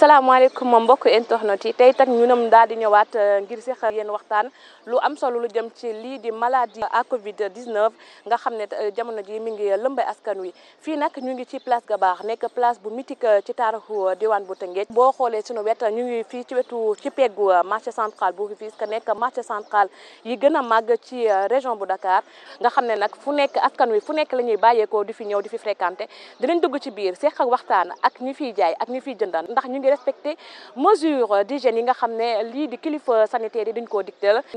salaamaaleykum mbokk internet yi tey ñu ñunam daal di ñëwaat euh, ngir seq yéen waxtaan lu am solo lu jëm ci lii di maladie à Covid 19 nga xam ne euh, jamono ji mi ngi lëmbay askan wi fii nag ñu ngi ci place baax nekk place bu mythique euh, ci taarixu diwaan bu Tëngéej boo xoolee sunu wet ñu ngi fii ci wetu ci peggu marché central bu Rufisque nekk marché central yi gën a màgg ci région bu Dakar nga xam ne nag fu nekk askan wi fu nekk la ñuy bàyyeekoo di fi ñëw di fi fréquenté dinañ dugg ci biir seq ak waxtaan ak ñi fiy jaay ak ñi fiy jëndan ndax respecter mesures d'hygiène yi nga xamné li di kilifa sanitaire yi dañ koo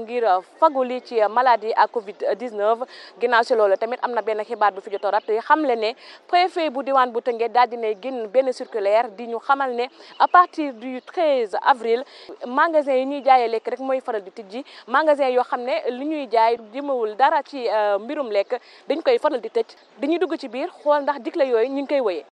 ngir fagu ci maladie à Covid 19 ginnaaw ci loolu tamit amna ben benn xibaar bu fi jot a rat xam le ne préfet bu diwan bu Tëngéej dal dina ne ben circulaire di ñu xamal né à partir du 13 avril magasin yi ñuy jaayee lekk rek moy faral di tijji magasin yo xamné li ñuy jaay jëmawul dara ci euh, mbirum lek dañ koy faral di tëj dañuy dugg ci biir xol ndax digle yoy ñu ngi koy wëyee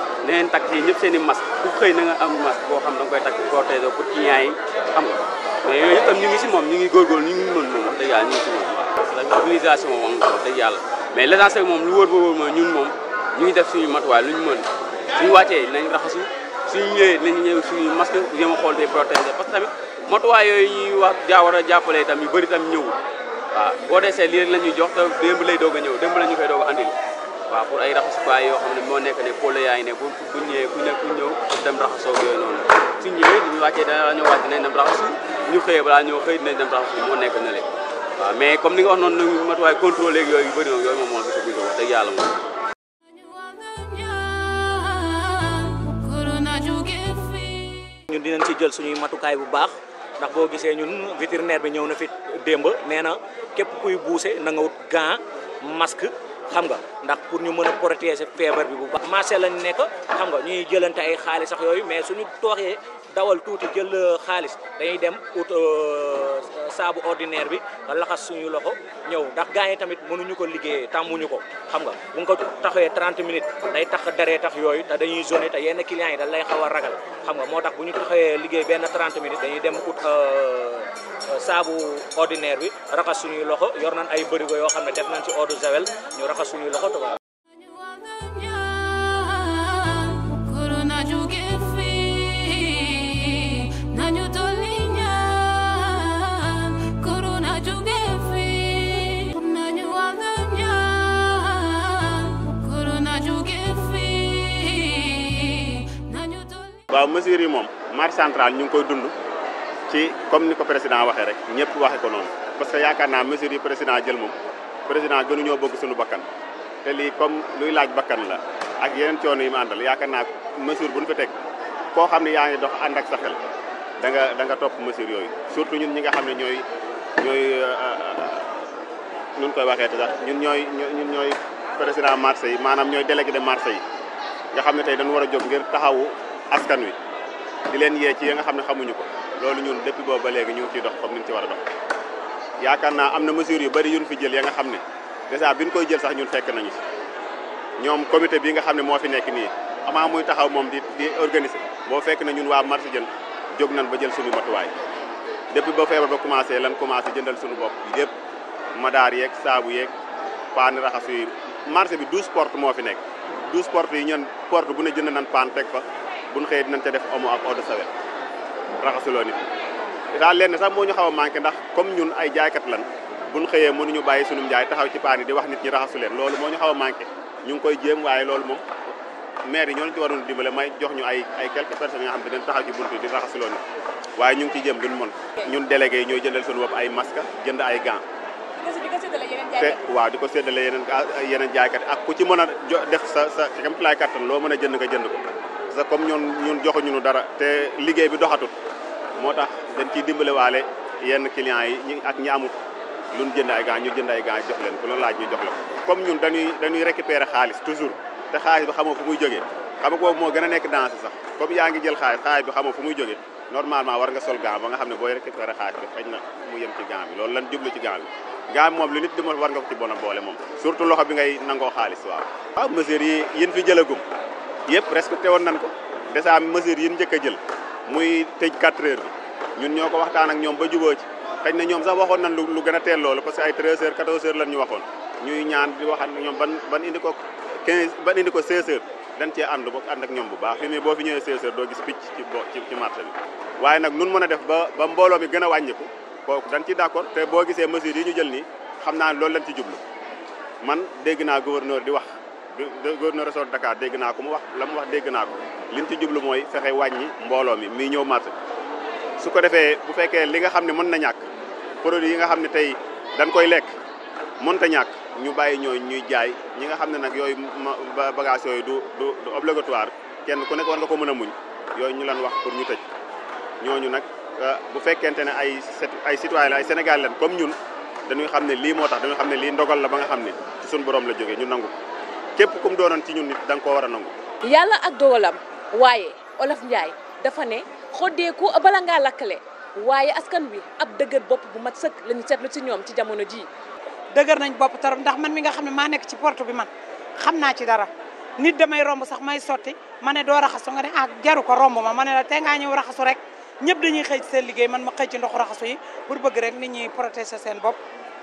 ne leen takk yi ñëpp seen i masque ku xëy na nga am masque boo xam da nga koy takk protégé pour client yi xam nga yooyu itam ñu ngi si moom ñu ngi góorgóorlu ñu ngi mën moom wax dëgg yàlla ñu ngi si moom la mobilisation moom wax dëgg moom lu wóor ba wóor mooy ñun moom ñu ngi def suñu matuwaay lu ñu si suñu wàccee nañ raxasu ñu ñëwee nañ ñëw suñu masque jéem a xool de protégé parce que tamit matuwaay yooyu ñuy wax jaa war a jàppale itam yu bëri tam ñëw waaw boo desee lii rek la ñuy jox te démb lay doog a ñëw démb la ñu koy doog a andil waaw pour ay raxasukaay yoo xam ne moo nekk ne pôle yaa ngi ne bu bu ñëwee ku nekk ku ñëw dem raxasoo yooyu noonu suñ ñëwee ñu wàccee dana ñu wàcc nañ dem raxasu moo nekk na le waaw mais comme ni nga wax noonu nu matuwaay contrôle léegi yooyu bëri noonu yooyu moom moo gisaguñ ko wax dëgg moom ñun jël suñuy matukaay bu baax ndax boo gisee ñun vétérinaire bi ñëw na fi démb nee na képp kuy buuse na nga wut gant masque xam nga ndax pour ñu mën a protéger feebar bi bu baax. marché lañ nekk xam nga ñuy jëlante ay xaalisax yooyu mais suñu tooxee dawal tuuti jël euh, xaalis dañuy dem ut euh, saabu ordinaire bi nga laxas suñu loxo ñëw ndax gars yi tamit mënuñu ko liggéeyee tàmmuñu ko xam nga ko taxee 30 minutes day tax daree tax yooyu te dañuy zoné te yenn clients yi dañ lay xaw a ragal xam nga moo tax bu ñu taxee liggéey benn 30 minutes dañuy dem ut euh, saabu ordinaire bi raxas suñuy loxo yor nan ay bërigo yoo xam ne def nañ ci eau de javel ñu raxas suñuy loxo waaw mesures yi moom marche centrale ñu ngi koy dund ci comme ni ko président waxee rek ñëpp waxe ko noonu parce que yaakaar naa mesures yi président jël moom président gënuñoo bëgg suñu bakkan te lii comme luy laaj bakkan la ak yeneen coono yi mu àndal yaakaar naa mesure bu ñu fa teg koo xam ne yaa ngi dox ànd ak sa xel da nga da nga topp mesure yooyu surtout ñun ñi nga xam ne ñooy ñooy euh, euh, euh, nun koy waxee te sax ñun ñooy ñun ñooy président marché yi maanaam ñooy délégué de marché yi nga xam ne war a jóg ngir taxawu askan wi di leen yee ci ya nga xam ne xamuñu ko loolu ñun depuis boobu ba léegi ñu ngi ciy dox comme ni ñu ci war a dox yaakaar naa am na mesures yu bari yuñ fi jël ya nga xam ne dèjà bi ñu koy jël sax ñun fekk nañu ñoom comité bi nga xam ne moo fi nekk nii avant muy taxaw moom di di boo fekk na ñun waa marché jën jóg nañ ba jël suñu matuwaay depuis ba feebar ba commencé lan commencé jëndal suñu bopp yëpp madaar yeeg saabu yeeg paani raxas yi marché bi douze port moo fi nekk douze portes yi ñun porte bu ne jënd nañ paan teg fa buñ xëyee dina ca def omo ak eau de sawel raxasuloo nit daal lenn sax moo ñu xaw a manqué ndax comme ñun ay jaaykat lan buñ xëyee mënuñu bàyyi sunum jaay taxaw ci paan yi di wax nit ñi raxasu leen loolu moo ñu xaw a manqué ñu ngi koy jéem waaye loolu moom maire yi ñoo leen ci waroon dimbale may jox ñu ay ay quelques personnes xam ne dañ taxaw ci buntu di raxasuloo nit waaye ñu ngi ciy jëm duñ mën ñun délégué yi ñooy jëndal suñu bopp ay masque jënd ay gants te di ko séddale yeneen yeneen jaaykat ak ku ci mën a def sa sa kam laay kattan loo mën a jënd nga jënd ko parce que comme ñun ñun joxuñu ñu dara te liggéey bi doxatul moo tax dañ ciy dimbale waale yenn clients yi ñi ak ñi amut lu ñu jënd ay gants ñu jënd ay gants jox leen ku la laaj ñu jox la comme ñun dañuy dañuy xaalis toujours te xaalis bi xamoo fu muy jógee xam boobu moo gën a nekk danse sax comme yaa ngi jël xaalis xaalis bi xamoo fu muy jógee normalement war nga sol gant ba nga xam ne booy récupérer xaalis bi xëy na mu yem ci gant bi loolu lan jublu ci gant bi gant bi war nga ko ci moom surtout loxo bi ngay nangoo xaalis waaw waaw mesures yi yéen fi jëlagum yëpp respecté woon nañ ko dèjà mesures yi njëkk jël muy tëj 4 heures bi ñun ñoo ko waxtaan ak ñoom ba jubóo ci xëy na ñoom sax waxoon nañ lu gën a teel loolu parce que ay 13 heures 14 heures lan ñu waxoon ñuy ñaan di waxaat ñoom ban indi ko 15 ban indi ko 16 cee ànd bokk ànd ak ñoom bu baax fi mu boo fi ñëwee 16 heures doo gis picc ci ci bi waaye nag nun mën a def ba ba mi gën a wàññiku kooku dañ ci d'accord te boo gisee mesures yi ñu jël nii xam naa loolu lañ ci jublu gouverneur ressort Dakar dégg naa ko mu wax la wax dégg naa ko li ñu ci jublu mooy fexe wàññi mbooloo mi muy ñëw marché su ko defee bu fekkee li nga xam ne mën na ñàkk produit yi nga xam ne tey dañ koy lekk mën ta ñàkk ñu bàyyi ñooy ñuy jaay ñi nga xam ne nag yooyu ma bagage yooyu du du du obligatoire kenn ku nekk war nga ko mën a muñ yooyu ñu lan wax pour ñu tëj ñooñu nag euh, bu fekkente ne ay ay citoyen la ay sénégalais lan comme ñun dañuy xam ne lii moo tax dañuy xam ne lii ndogal la ba nga xam ne ci borom la jógee ñu nangu ko képp kum doonoon ci ñun nit da nga koo war a nangu. yàlla ak dogalam waaye olof Ndiaye dafa ne xoddeeku bala ngaa lakkale waaye askan wi ab dëgër bopp bu mat sëkk la ñu seetlu ci ñoom ci jamono jii. dëgër nañ bopp trop ndax man mi nga xam ne maa nekk ci porte bi man xam naa ci dara nit damay romb sax may sotti ma ne doo raxasu nga ne ah jaru ko romb ma ma ne la tey ngaa ñëw raxasu rek ñëpp dañuy xëy ci seen liggéey man ma xëy ci ndoxu raxasu yi pour bëgg rek nit ñi protéger seen bopp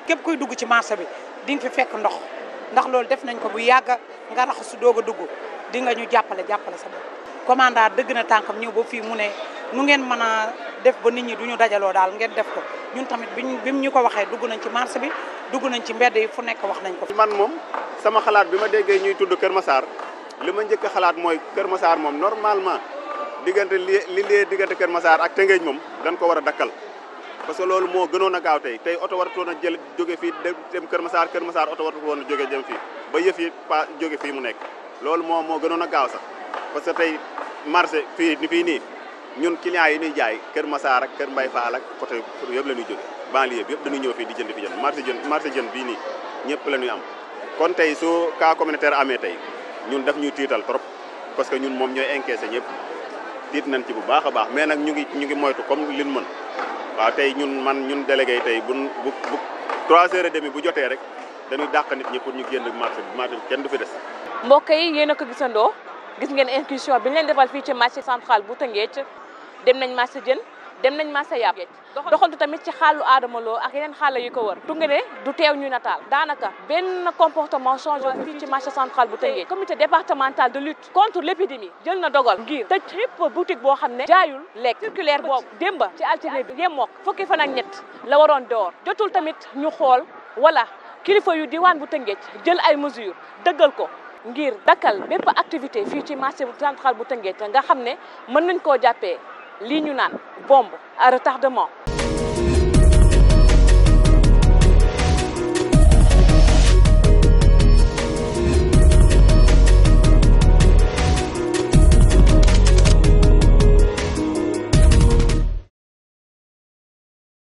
képp kuy dugg ci marché bi di fi fekk ndox ndax loolu def nañ ko bu yàgg nga raxasu doog a dugg di nga ñu jàppale jàppale sa bopp. commanda dëgg na tànkam ñëw ba fii mu ne nu ngeen mën a def ba nit ñi du ñu dajaloo daal ngeen def ko ñun tamit biñ bi ñu ko waxee dugg nañ ci marché bi dugg nañ ci mbedd yi fu nekk wax nañ ko. man moom sama xalaat bi ma déggee ñuy tudd Kër Massar li ma njëkk xalaat mooy Kër Massar moom normalement diggante li li lee diggante Kër Massar ak Tëngéej moom dañ ko war a dakkal. parce que loolu moo gënoon a gaaw tey tey oto waratoon a jël jóge fii dem Kër Masaar Kër Masaar oto waratu woon a jóge jëm fii ba yëf yi pa jóge fii mu nekk loolu moo moo gënoon a gaaw sax parce que tey marché fii ni fii nii ñun client yi ñuy jaay Kër Masaar ak Kër Mbay Faal ak côté yëpp la ñuy jóge banlieue bi yëpp dañuy ñëw fii di jënd fi jënd marché jënd marché jënd bii nii ñëpp la ñuy am kon tey su cas communautaire amee tey ñun daf ñuy tiital trop parce que ñun moom ñooy encaissé ñëpp tiit nañ ci bu baax a baax mais nag ñu ngi ñu ngi moytu comme liñ mën waaw tey ñun man ñun délégué tey bu bu bu 3 heures bu jotee rek dañuy dàq nit ñi pour ñu génn marché bi marché bi du fi des. mbokk yi yéen a ko gis ngeen incursion bi ñu leen defal fii ci marché central bu Tëngéej dem nañ marché jën. dem nañ Massa Yab doxantu tamit ci xaalu Adama Lo ak yeneen xaala yu ko wër Tunguene du teew ñu nataal daanaka benn comportement changé fii ci marché central bu Tëngéej comité départemental de lutte contre l'épidémie jël na dogal ngir tëj xépp boutique boo xam ne jaayul lekk circulaire boobu démba ci altine bi yemook fukki fan ak ñett la waroon door jotul tamit ñu xool wala kilifa yu diwaan bu Tëngéej jël ay mesures dëggal ko ngir dakkal bépp activité fii ci marché central bu Tëngéej nga xam ne mën nañ koo jàppee lii bombe à retardement